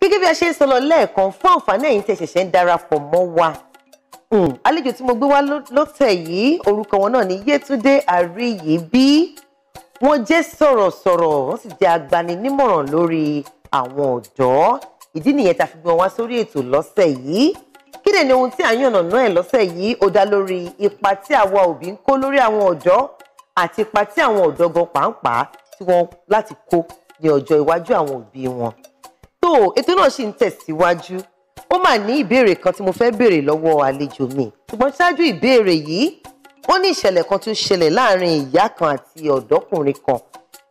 gẹ́gẹ́ bí a ṣe ń sọ lọ lẹ́ẹ̀kan fún àǹfààní ẹ̀yin tí ẹ ṣẹ̀ṣẹ̀ ń darapọ̀ mọ́ wa hmm, àlejò tí mo gbé wá lọ́tẹ̀ yìí orúkọ wọn náà ni Yétúndé Àríyìbí wọ́n jẹ́ sọ̀rọ̀sọ̀rọ̀ wọ́n sì jẹ́ agbaninímọ̀ràn lórí àwọn ọ̀dọ́ ìdí nìyẹn tá a fi gbé wọn wá sórí ètò lọ́sẹ̀ yìí kí dẹ̀ ni ohun tí à ń yànnà náà ẹ̀ lọ́sẹ̀ yìí ó dá lórí ipa tí àwa òbí ń kó lórí àwọn ọ̀dọ́ àti ipa tí àwọn ọ̀dọ́ gan pàápàá tí wọ́n láti kó ní ọjọ́ iwájú àwọn òbí wọn so ètò náà sì ń tẹ̀síwájú ó mà ní ìbéèrè kan tí mo fẹ́ béèrè lọ́wọ́ àlejò mi ṣùgbọ́n ṣáájú ìbéèrè yìí wọ́n ní ìṣẹ̀lẹ̀ kan tó ṣẹlẹ̀ láàrin ìyá kan àti ọ̀dọ́kùnrin kan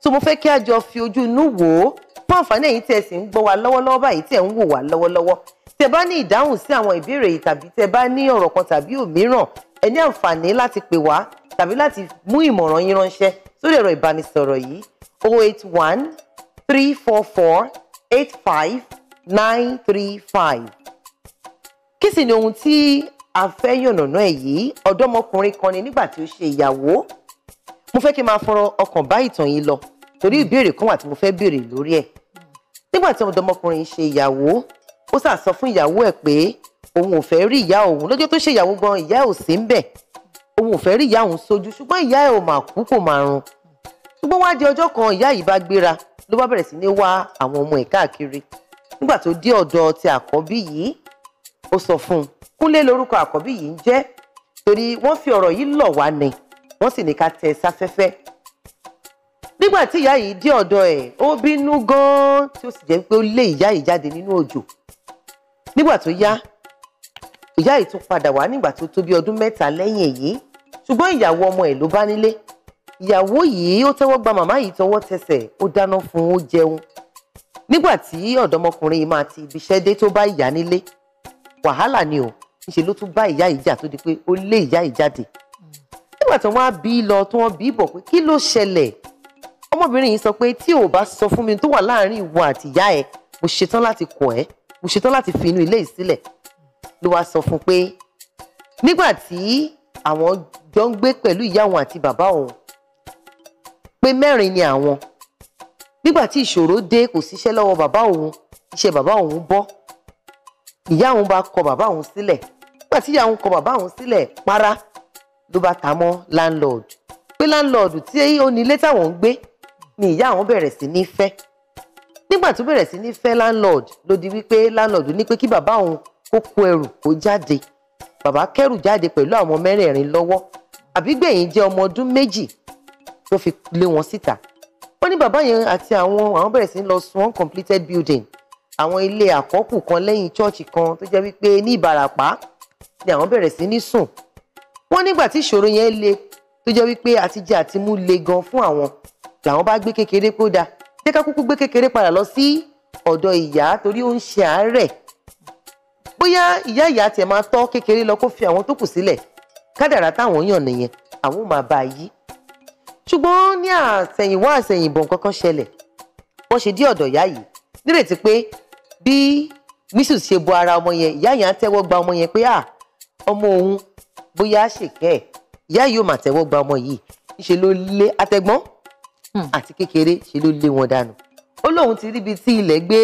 so mo fẹ́ kí a jọ fi ojú inú wò ó fún àǹfààní ẹ̀yin tí ẹ sì ń gbọ́ wa lọ́wọ́lọ́wọ́ báyìí tí ẹ ń wò wá lọ́wọ́lọ́wọ́ tẹ bá ní ìdáhùn sí àwọn ìbéèrè yìí tàbí tẹ bá ní ọ̀rọ̀ kan tàbí òmíràn ẹ ní àǹfààní láti pè wá tàbí láti mú ìmọ̀ràn yín ránṣẹ́ sórí ẹ̀rọ ìbánisọ̀rọ̀ yìí 081 344 85935. kí sì ni ohun tí a fẹ́ yànnàná ẹ̀ yìí ọ̀dọ́mọkùnrin kan ni nígbà tí ó ṣe ìyàwó mo fẹ́ kí n máa fọ̀rọ̀ ọkàn bá ìtàn yìí lọ torí ìbéèrè kan wà tí mo fẹ́ béèrè lórí ẹ̀ nígbà tí ọ̀dọ́mọkùnrin ṣe ìyàwó ó sà sọ fún ìyàwó ẹ̀ pé òun ò fẹ́ rí ìyá òun lọ́jọ́ tó ṣe ìyàwó gan ìyá ẹ̀ ò sí ń bẹ̀ òun ò fẹ́ rí ìyá òun sójú ṣùgbọ́n ìyá ẹ̀ ò mà kú kò mà run ṣùgbọ́n wá di ọjọ́ kan ìyá yìí bá gbéra ló bá bẹ̀rẹ̀ sí ní wá àwọn ọmọ ẹ̀ káàkiri nígbà tó dé ọ̀dọ̀ ti àkọ́bí yìí ó sọ fún un kúnlé lórúkọ àkọ́bí yìí ń jẹ́ torí wọ́n fi ọ̀rọ̀ yìí lọ̀ wá ni wọ́n sì ní ká tẹ sáfẹ́fẹ́ nígbà tí ìyá yìí dé ọ̀dọ̀ ẹ̀ ó bínú gan-an tí ó sì jẹ́ pé ó lé ìyá yìí jáde nínú òjò nígbà tó yá ìyá yìí tún padà wá nígbà tó tó ọdún mẹ́ta lẹ́yìn èyí ṣùgbọ́n ìyàwó ọmọ ẹ̀ ló bá nílé ìyàwó yìí ó tẹ́wọ́ gba màmá yìí tọwọ́ tẹsẹ̀ ó dáná fún ó jẹun nígbà tí ọ̀dọ́mọkùnrin yìí máa ti ibiṣẹ́ dé tó bá ìyá nílé wàhálà ni o níṣe ló tún bá ìyá yìí jà tó di pé ó lé ìyá yìí jáde nígbà tí wọ́n á bí lọ tí wọ́n bí bọ̀ pé kí ló ṣẹlẹ̀ ọmọbìnrin yìí sọ pé tí ò bá sọ fún mi tó wà láàárín ìwọ àti ìyá ẹ mo ṣetán láti kọ̀ ẹ́ mo ṣetán láti fi inú ilé yìí sílẹ̀ ló wá sọ fún pé nígbà tí àwọn jọ ń gbé pẹ̀lú ìyá òun àti bàbá òun pé mẹ́rin ni àwọn nígbà tí ìṣòro dé kò síṣẹ́ lọ́wọ́ bàbá òun iṣẹ́ bàbá òun bọ́ ìyá òun bá kọ bàbá òun sílẹ̀ nígbà tí ìyá òun kọ bàbá òun sílẹ̀ para ló bá ta mọ́ landlord pé landlord tí ó ní ilé táwọn ń gbé ni ìyá òun bẹ̀rẹ̀ sí ní fẹ́ nígbà tó bẹ̀rẹ̀ sí ní fẹ́ landlord ló di wípé landlord ní pé kí bàbá òun kó kó ẹrù kó jáde bàbá kẹrù jáde pẹ̀lú àwọn mẹ́rẹ̀ẹ̀rin lọ́wọ́ àbígbẹ̀yìn jẹ́ ọmọ ọdún méjì tó fi lé wọn síta ó ní bàbá yẹn àti àwọn àwọn bẹ̀rẹ̀ sí lọ sun uncompleted building àwọn ilé àkọ́kù kan lẹ́yìn chọ́ọ̀chì kan tó jẹ́ wípé ní Ìbàràpá ni àwọn bẹ̀rẹ̀ sí ní sùn wọ́n nígbà tí ìṣòro yẹn le tó jẹ́ wípé àtijẹ àtimú le gan fún àwọn làwọn bá gbé kékeré kó dáa jẹ́ ká kúkú gbé kékeré padà lọ sí ọ̀dọ̀ ìyá torí ó ń ṣe àárẹ̀ bóyá ìyá ìyá tiẹ̀ máa tọ́ kékeré lọ kó fi àwọn tó kù sílẹ̀ kádàrá táwọn yàn nìyẹn àwọn máa bá a yí ṣùgbọ́n ní àsẹ̀yìnwá àsẹ̀yìnbọ̀ nǹkan kan ṣẹlẹ̀ wọ́n ṣe dí ọ̀dọ̀ ìyá yìí nírètí pé bí mísù ṣe bo ara ọmọ yẹn ìyá yẹn á tẹ́wọ́ gba ọmọ yẹn pé à ah, ọmọ òun bóyá ṣèkẹ́ ẹ̀ ìyá yìí ò mà tẹ́wọ́ gba ọmọ yìí ṣe ló lé àtẹ̀gbọ́n hmm. àti kékeré ṣe ló lé wọn dànù ó lóun ti rí ibi tí ilẹ̀ gbé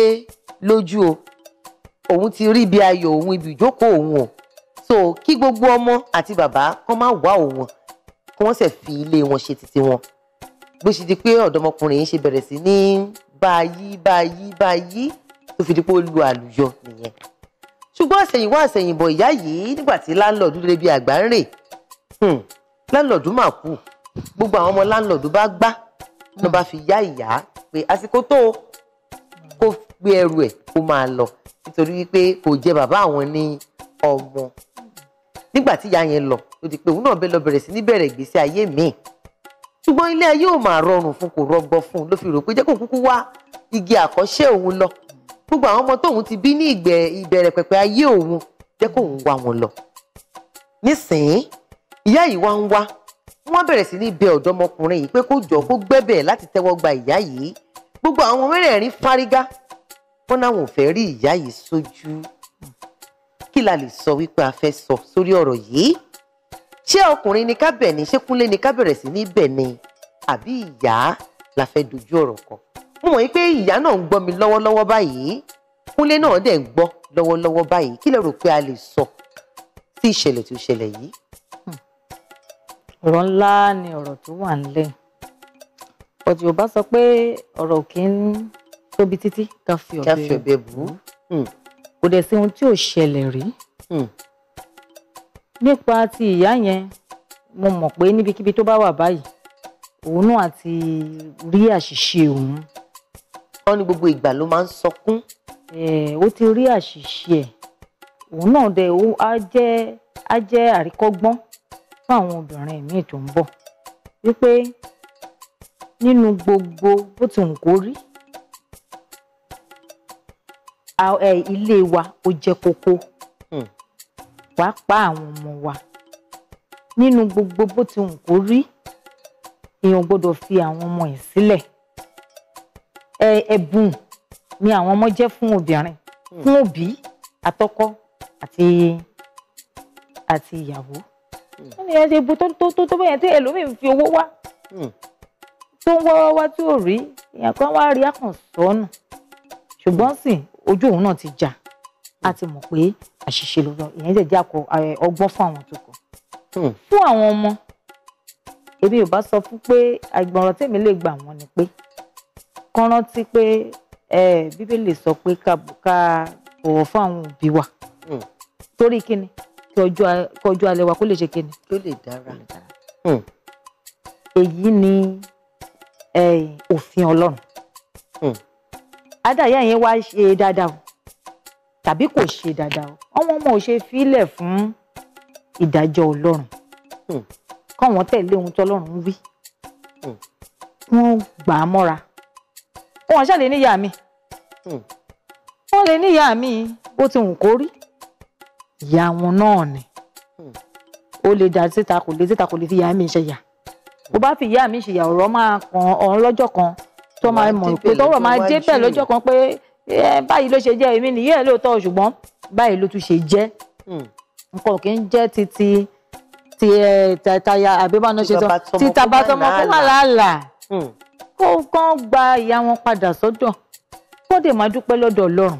lójú o òun ti rí ibi ayọ̀ òun ibi ìjókòó òun o so kí gbogbo ọmọ àti bàbá kọ́ má wá òun kí wọ́n sì fi ilé wọn ṣe títí wọn bó ṣe di pé ọ̀dọ́mọkùnrin yìí ṣe bẹ̀rẹ̀ sí ní báyí báyí báyí tó fi di pé ó lu àlùyọ nìyẹn ṣùgbọ́n àsẹ̀yìnwá àsẹ̀yìnbọ̀ ìyá yìí nígbà tí láńlọ́ọ̀dù lè bi àgbà ń rè hmm, láńlọ́ọ̀dù mà kú gbogbo àwọn ọmọ láńlọ́ọ̀dù bá gbá ló bá fi yá ìyá pé àsìkò tó kó gbé ẹrù ẹ̀ kó máa lọ nítorí wípé kò jẹ bàbá àwọn ní ọmọ nígbà tí ìyá yẹn lọ ló di pé òun náà bẹ́ẹ̀ lọ bẹ̀rẹ̀ sí ní bẹ̀rẹ̀ ìgbésí ayé míì ṣùgbọ́n ilé ayé ò máa rọrùn fún kò rọgbọ fún un ló fi rò pé jẹ́ kó kúkú wá igi àkọ́ṣe òun lọ gbogbo àwọn ọmọ tóun ti bí ní ìbẹ̀rẹ̀ pẹ̀pẹ̀ ayé òun jẹ́ kóun wá wọn lọ nísìnyí ìyá yìí wá ń wá wọ́n bẹ̀rẹ̀ sí ní bẹ ọ̀dọ́mọkùnrin yìí pé kó jọ kó gbẹ́bẹ̀ láti tẹ́wọ́ gba ìyá yìí gbogbo àwọn mẹ́rẹ̀ẹ̀rin fárígá wọ́n náà wọn ò rí ìyá yìí sójú. So kí la lè sọ wípé a fẹ́ sọ sórí ọ̀rọ̀ yìí ṣé ọkùnrin ni ká bẹ̀ ni ṣé ni ká bẹ̀rẹ̀ sí ní bẹ̀ ni àbí ìyá la fẹ́ dojú ọ̀rọ̀ kọ mo mọ̀ pé ìyá náà ń gbọ́ mi lọ́wọ́lọ́wọ́ báyìí kúnlé náà dẹ̀ ń gbọ́ lọ́wọ́lọ́wọ́ báyìí kí lẹ rò pé a lè sọ sí ìṣẹ̀lẹ̀ tó ṣẹlẹ̀ yìí. Hmm. ọ̀rọ̀ ńlá ni ọ̀rọ̀ tó wà nílẹ̀ ọ̀tí ò bá sọ pé ọ̀rọ̀ kì í tóbi títí ká fi ọ̀bẹ bù ú. Hmm kò dẹ̀ sí ohun tí ò ṣẹlẹ̀ rí hmm. nípa ti ìyá yẹn mo mọ̀ pé níbikíbi tó bá wà báyìí òun náà àti rí àṣìṣe òun. wọ́n ní gbogbo ìgbà ló máa ń sọkún. ó ti rí àṣìṣe ẹ̀ òun náà dẹ̀ á jẹ́ á jẹ́ àríkọ́gbọ́n fún àwọn obìnrin míì tó ń bọ̀ wípé nínú gbogbo bó ti wù kó rí ilé wa ó jẹ́ kókó hmm. pàápàá àwọn ọmọ wa nínú gbogbo bó ti wù kó rí èèyàn gbọ́dọ̀ fi àwọn ọmọ ẹ̀ sílẹ̀ ẹ̀bùn ni àwọn ọmọ jẹ́ fún obìnrin hmm. fún òbí àtọkọ àti àti ìyàwó hmm. wọ́n ní ẹsẹ ibo tó tó tó bẹyẹn tí ẹlòmíín fi owó wá tó ń wá wá wá tí ò rí èèyàn kan wá rí àkànṣọ́nù ṣùgbọ́n sì ojú òun náà ti jà á ti mọ̀ pé àṣìṣe ló lọ ìyẹn dẹ̀ jẹ́ ọgbọ́n fún àwọn tó kù. Hmm. fún àwọn ọmọ èmi ò bá sọ fún pé àìgbọràn tèmi lè gbà wọ́n ni pé kán rántí pé bíbélì sọ pé ká bọ̀wọ̀ fún àwọn òbí wa hmm. torí kíni kí ọjọ́ alẹ́ wa kó lè ṣe kíni. kó lè dára. Hmm. èyí ni òfin ọlọ́run àdáyà yẹn wá ṣe dáadáa o tàbí kò ṣe dáadáa o àwọn ọmọ ò ṣe fílẹ̀ fún ìdájọ́ ọlọ́run hmm. káwọn tẹ̀lé ohun tọ́lọ́run wí hmm. wọ́n gbà á mọ́ra wọn ṣàlè níyà mi hmm. wọ́n lè níyà mi bó ti wù kó rí ìyá wọn náà ni ó lè dà síta kò lè síta kò lè fi ìyá mi ṣe yà bó bá fi ìyá mi ṣe yà ọ̀rọ̀ máa kan ọ̀run lọ́jọ́ kan tó máa mọ̀ pé tọ́wọ́ máa débẹ̀ lọ́jọ́ kan pé báyìí ló ṣe jẹ́ èmi nìyí ẹ̀ lóòótọ́ ṣùgbọ́n báyìí ló tún ṣe jẹ́ hmm. nǹkan kì í jẹ́ titi ti taya àbíbáná ṣe tán ti tabatọmọ kó má làálà kó kàn gba ìyá wọn padà sọ́dọ̀ kó dè máa dúpẹ́ lọ́dọ̀ Ọlọ́run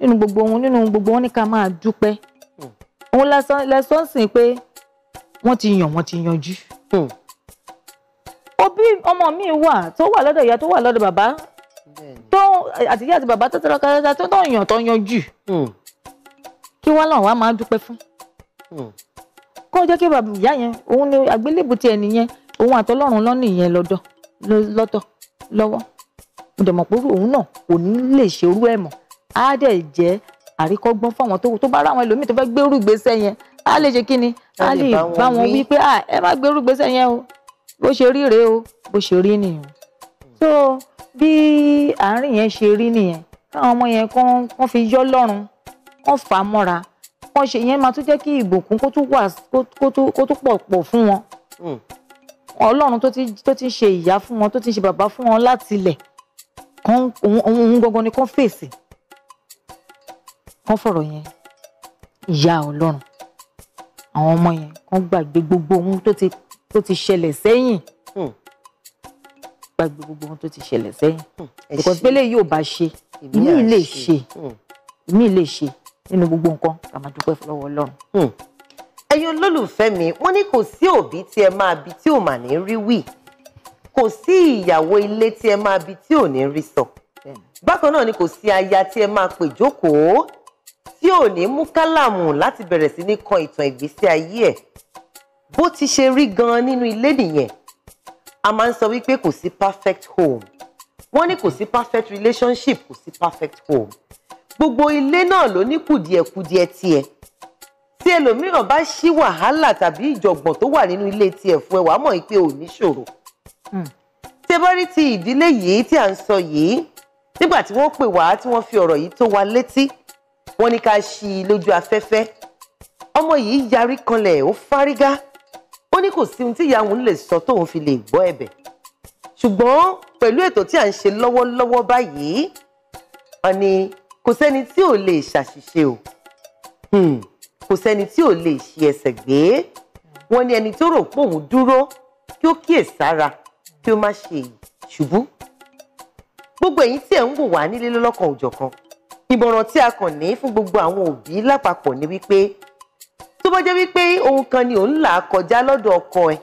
nínú gbogbo wọn nínú gbogbo wọn ní ká máa dúpẹ́ hmm. òun lẹsọ ń sìn pé wọ́n ti yàn wọ́n ti yanjú. Hmm òbí ọmọ mi wà tó wà lọ́dọ̀ ìyá tó wà lọ́dọ̀ bàbá tó àtìyá àti bàbá tó tẹ̀lé ọ̀kadà tó tó yàn tó yanjú hmm. kí wọ́n lọ́wọ́ á máa dúpẹ́ fún hmm. kó jẹ́ kí bàbá ìyá yẹn òun ni àgbélébù ti ẹni yẹn òun àtọlọ́run lọ́nà ìyẹn lọ́dọ̀ lọ́tọ̀ lọ́wọ́ mo dẹ̀ mọ̀ pé òun náà kò ní lè ṣe orú ẹ̀ mọ́ á dẹ̀ jẹ́ àríkọ́gbọ́n fáwọn tó tó bá rá àwọn ẹlòmíì tó fẹ́ gbérú gbèsè yẹn á lè ṣe kí ni á lè bá wọn wí pé ẹ má gbérú gbèsè yẹn o bó ṣe rí rèé o bó ṣe rí nìyẹn so bí àárín yẹn ṣe rí nìyẹn káwọn ọmọ yẹn kàn kàn fi yọ lọ́rùn kàn fà á mọ́ra kàn ṣe yẹn máa tún jẹ́ kí ìbùkún kó tún wà kó tún pọ̀ pọ̀ fún wọn hmm. ọlọ́run tó ti ń ṣe ìyá fún wọn tó ti ń ṣe bàbá fún wọn láti ilẹ̀ kan òun gangan ni kan fèsì kan fọ̀rọ̀ yẹn ìyá ọlọ́run àwọn ọmọ yẹn kan gbàgbé gbogbo ohun tó ti tó ti ṣẹlẹ̀ sẹ́yìn hmm. gbàgbé gbogbo ohun tó ti ṣẹlẹ̀ sẹ́yìn hmm. because pélé yóò bá ṣe ìmí lè ṣe hmm. ìmí lè ṣe nínú gbogbo nǹkan ká máa dúpẹ́ lọ́wọ́ Ọlọ́run. ẹ̀yin olólùfẹ́ mi wọ́n ní kò sí òbí tí ẹ máa bí tí ò mà ní rí wí kò sí ìyàwó ilé tí ẹ máa bí tí ò ní rí sọ bákan náà ni kò sí aya tí ẹ máa pè jókòó tí ò ní mú kálàmù láti bẹ̀rẹ̀ sí ní kan ìtàn ìgbésí ayé ẹ̀ bó ti ṣe rí gan-an nínú ilé nìyẹn a máa ń sọ wípé kò sí perfect home wọ́n ní kò sí perfect relationship kò sí perfect home gbogbo ilé náà ló ní kùdìẹ̀kùdìẹ̀ tiẹ̀ tí ẹlòmíràn bá ṣí wàhálà tàbí ìjọ̀gbọ̀n tó wà nínú ilé tiẹ̀ fún ẹ wàá mọ̀ pé ò ní ṣòro hmm. tẹ bá rí ti ìdílé yìí tí à ń sọ yìí nígbà tí wọ́n pè wá tí wọ́n fi ọ̀rọ̀ yìí tó wa létí wọ́n ní ká ṣí i lójú afẹ́fẹ́ ọmọ yìí yarí kanlẹ̀ ó fárígá ó ní kò sí ohun tí ìyá òun lè sọ tóun fi lè gbọ́ ẹ̀bẹ̀ ṣùgbọ́n pẹ̀lú ètò tí à ń ṣe lọ́wọ́lọ́wọ́ báyìí wọ́n ní kò sẹ́ni tí ò lè ṣàṣìṣe o hmm, kò sẹ́ni tí ò lè ṣe ẹsẹ̀ gbé wọ́n ní ẹni tó rò pé dúró kí ó kíyèsára kí ó má ṣe ṣubú gbogbo ẹ̀yin tí ẹ̀ ń wò wá nílé lọ́lọ́kan òjọ̀kan ìmọ̀ràn tí a kàn ní fún gbogbo àwọn òbí lápapọ̀ ni wípé tó bá jẹ́ wípé ohun kan ni ò ń là kọjá lọ́dọ̀ ọkọ ẹ̀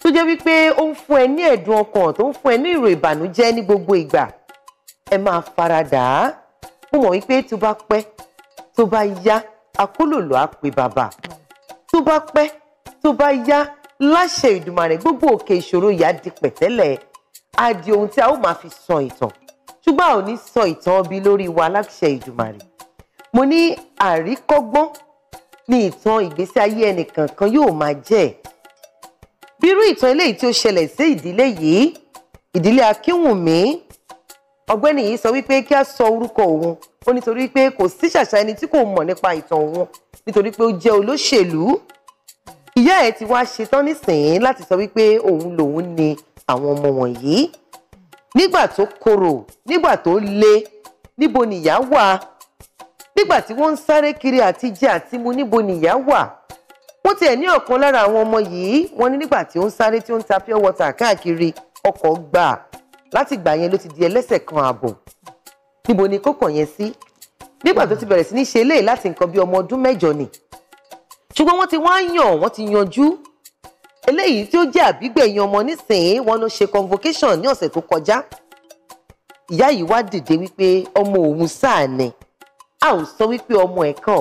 tó jẹ́ wípé ó ń fún ẹ ní ẹ̀dùn ọkàn tó ń fún ẹ ní ìrò ìbànújẹ́ ní gbogbo ìgbà ẹ máa faradà á mo mọ̀ wípé tó bá pẹ́ tó bá yá akólòlò á pe bàbà tó bá pẹ́ tó bá yá láṣẹ Ìdùmarè gbogbo òkè ìṣòro yìí di pẹ̀tẹ́lẹ̀ á di ohun tí a ó máa fi sọ ìtàn ṣùgbọ́n a ní sọ ìtàn ọbí lórí wa láṣẹ Ìdùmarè mo ní àríkọ́gbọ́n ni ìtàn ìgbésí ayé ẹnìkankan yóò máa jẹ́ bírú ìtàn eléyìí tí ó ṣẹlẹ̀ sí ìdílé yìí ìdílé Akínwùmí ọ̀gbẹ́ni yìí sọ wípé kí a sọ orúkọ òun ó nítorí pé kò sí ṣàṣà ẹni tí kò mọ̀ nípa ìtàn òun nítorí pé ó jẹ́ olóṣèlú ìyá ẹ̀ ti wá ṣetán nísìnyí láti sọ wípé òun lòun ni àwọn ọmọ wọ̀nyí nígbà tó korò nígbà tó le níbo nìyá wà nígbà tí wọ́n ń sáré kiri àti jẹ àti mu níbo nìyá wà wọ́n tiẹ̀ ní ọ̀kan lára àwọn ọmọ yìí wọ́n ní nígbà tí ó ń sáré tí ó ń ta pure water káàkiri ọkọ̀ gbà láti ìgbà yẹn ló ti di ẹlẹ́sẹ̀ kan ààbò níbo ni kókàn yẹn sí nígbà tó ti bẹ̀rẹ̀ sí ní ṣe eléyìí láti nǹkan bí ọmọ ọdún mẹ́jọ ni ṣùgbọ́n wọ́n ti wá yàn wọ́n ti yanjú eléyìí tí ó jẹ́ àbígbẹ̀yìn ọmọ nísìnyí wọ́n ló ṣe convocation ní ọ̀sẹ̀ tó kọjá ìyá yìí wá dìde wípé ọmọ òun sáà ni a ò sọ wípé ọmọ ẹ̀ kọ̀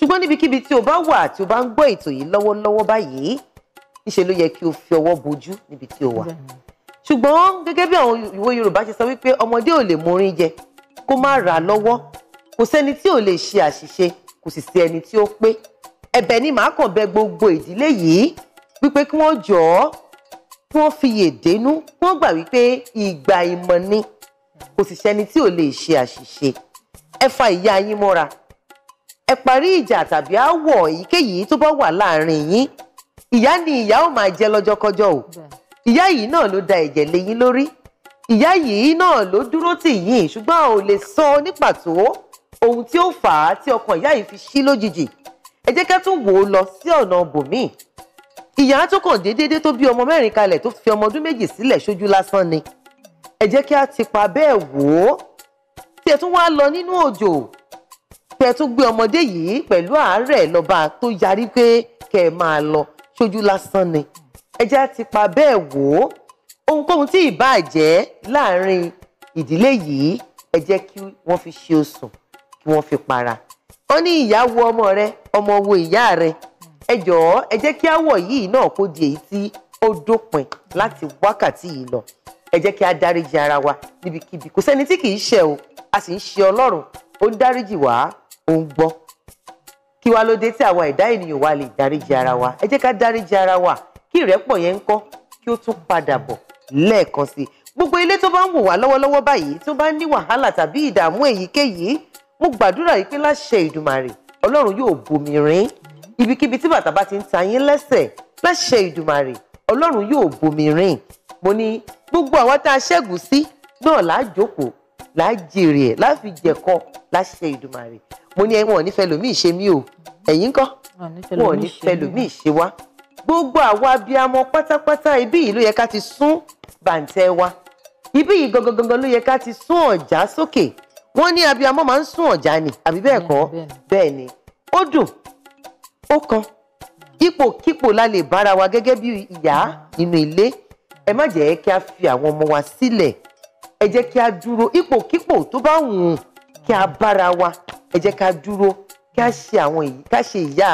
ṣùgbọ́n níbikíbi tí o bá wà tí o bá ń gbọ́ ètò yìí lọ́wọ́lọ́wọ́ báyìí níṣe ló yẹ kí o fi ọwọ́ bojú níbi tí o wà ṣùgbọ́n gẹ́gẹ́ bí àwọn ìwé Yorùbá ṣe sọ wípé ọmọdé ò lè morin jẹ kó má rà lọ́wọ́ kò sẹ́ni tí ò lè ṣe àṣìṣe kò sì sí ẹni tí ó pé ẹ̀bẹ̀ ni màá kàn bẹ̀ gbogbo ìdílé yìí wípé kí wọ́n jọ̀ọ́ kí wọ́n fiyè dénú kí wọ́n gbà wípé ìgbà ìmọ̀ ni kò sì sẹ́ni tí ò lè ṣe àṣìṣe ẹ fa ìyá yín mọ́ra ẹ parí ìjà tàbí àwọ̀ èyíkéyìí tó bá wà láàrin yín ìyá ni ìyá ò máa jẹ lọ́jọ́kọ́jọ́ o ìyá yìí náà ló da ẹ̀jẹ̀ lé yín lórí ìyá yìí náà ló dúró tì yín ṣùgbọ́n ò lè sọ ní pàtó ohun tí ó fà á tí ọkàn ìyá yìí fi ṣí lójijì ẹ jẹ́ ká tún wò ó lọ sí ọ̀nà bòmíì ìyá tó kàn déédéé tó bí ọmọ mẹ́rin kalẹ̀ tó fi ọmọ ọdún méjì sílẹ̀ ṣojú lásán ni ẹ jẹ́ kí a bẹ́ẹ̀ wò ó tẹ̀ tún wá lọ nínú òjò tẹ̀ tún gbé ọmọdé yìí pẹ̀lú àárẹ̀ lọ́ba tó yarí pé kẹ́ ẹ máa lọ ṣojú lásán ni ẹja ti pa bẹ́ẹ̀ wò ó ohunkóhun tí ìbá jẹ́ láàrin ìdílé yìí ẹ jẹ́ kí wọ́n fi ṣe osùn kí wọ́n fi para ó ní ìyá wo ọmọ rẹ ọmọ wo ìyá rẹ ẹ jọ̀ọ́ ẹ jẹ́ kí àwọ̀ yìí náà kó di èyí tí ó dópin láti wákàtí yìí lọ ẹ jẹ́ kí a dáríjì ara wa níbikíbi kò sẹ́ni tí kì í ṣẹ̀ o a sì ń ṣe ọlọ́run ó ń dáríjì wá ó ń gbọ́ kí wá ló dé tí àwa ẹ̀dá ènìyàn wa lè dáríjì ara wa ẹ jẹ́ ká dáríjì ara wa kí ìrẹ́pọ̀ yẹn ń kọ́ kí ó tún padà bọ̀ lẹ́ẹ̀kan sí i gbogbo ilé tó bá ń wò wá lọ́wọ́lọ́wọ́ báyìí tó bá ní wàhálà tàbí ìdààmú èyíkéyìí mo gbàdúrà yìí pé láṣẹ ìdùmàrè ọlọ́run yóò bomi rin ibikíbi tí bàtà bá ti ń ta yín lẹ́sẹ̀ láṣẹ ìdùmàrè ọlọ́run yóò bomi rin mo ní gbogbo àwa tá a ṣẹ́gun sí náà là á jókòó là á jèrè ẹ̀ là á fi jẹ̀kọ láṣẹ Ìdùmarè mo ní ẹ̀wọ̀n nífẹ̀ẹ́ lòmíì ṣe mí o ẹ̀yin kọ́ wọn ò nífẹ̀ẹ́ lòmíì ṣe wá gbogbo àwa abiyamọ pátápátá ibí yìí ló yẹ ká ti sún bàǹtẹ́ wa ibí yìí gangan gangan ló yẹ ká ti sún ọ̀já sókè wọ́n ní abiyamọ máa ń sún ọ̀já ni àbí bẹ́ẹ̀ kọ́ bẹ́ẹ̀ ni ó dùn ó kan ipòkípò la lè bára wa gẹ́gẹ́ bí ìyá mm-hmm. nínú ilé. Mm -hmm ẹ má jẹ́ kí a fi àwọn ọmọ wa sílẹ̀ ẹ jẹ́ kí a dúró ipòkípò tó bá wùn kí a bára wa ẹ jẹ́ ká dúró kí a ṣe àwọn èyí ká ṣe ìyá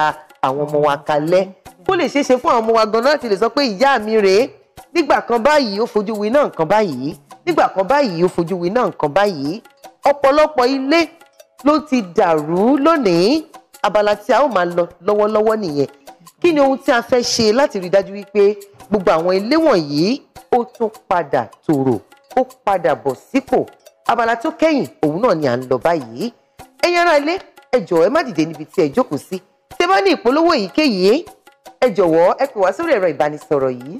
àwọn ọmọ wa kalẹ̀ kó lè ṣeé ṣe fún àwọn ọmọ wa gan-an láti lè sọ pé ìyá mi rèé nígbà kan báyìí ó fojú winá nǹkan báyìí nígbà kan báyìí ó fojú winá nǹkan báyìí ọ̀pọ̀lọpọ̀ ilé ló ti dàrú lónìí abala tí a ó máa lọ lọ́wọ́lọ́wọ́ nìyẹn kí ni ohun tí a fẹ́ ṣe láti rí dájú wípé gbogbo àwọn ilé wọ̀nyí ó tún padà tòrò ó padà bọ̀ sípò abala tó kẹ́yìn òun náà ni à ń lọ báyìí ẹ̀yin ará ilé ẹ jọ̀ọ́ ẹ má dìde níbi tí ẹ jókòó sí tẹ́ bá ní ìpolówó èyíkéyìí ẹ jọ̀wọ́ ẹ pè wá sórí ẹ̀rọ ìbánisọ̀rọ̀ yìí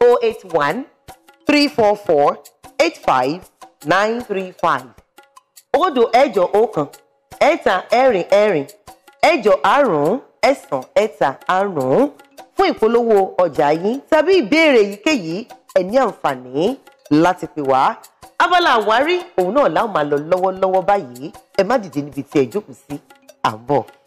081 344 85935 òdo ẹ̀jọ ọ̀kan ẹ̀ta ẹ̀rin ẹ̀rin ẹ̀jọ àrún ẹ̀sán ẹ̀ta àrún fún ìpolówó ọjà yín tàbí ìbéèrè èyíkéyìí ẹ ní àǹfààní láti pè wá abala àwárí òun náà láwọn máa lọ lọ́wọ́lọ́wọ́ báyìí ẹ má dìde níbi tí ẹ jókòó sí à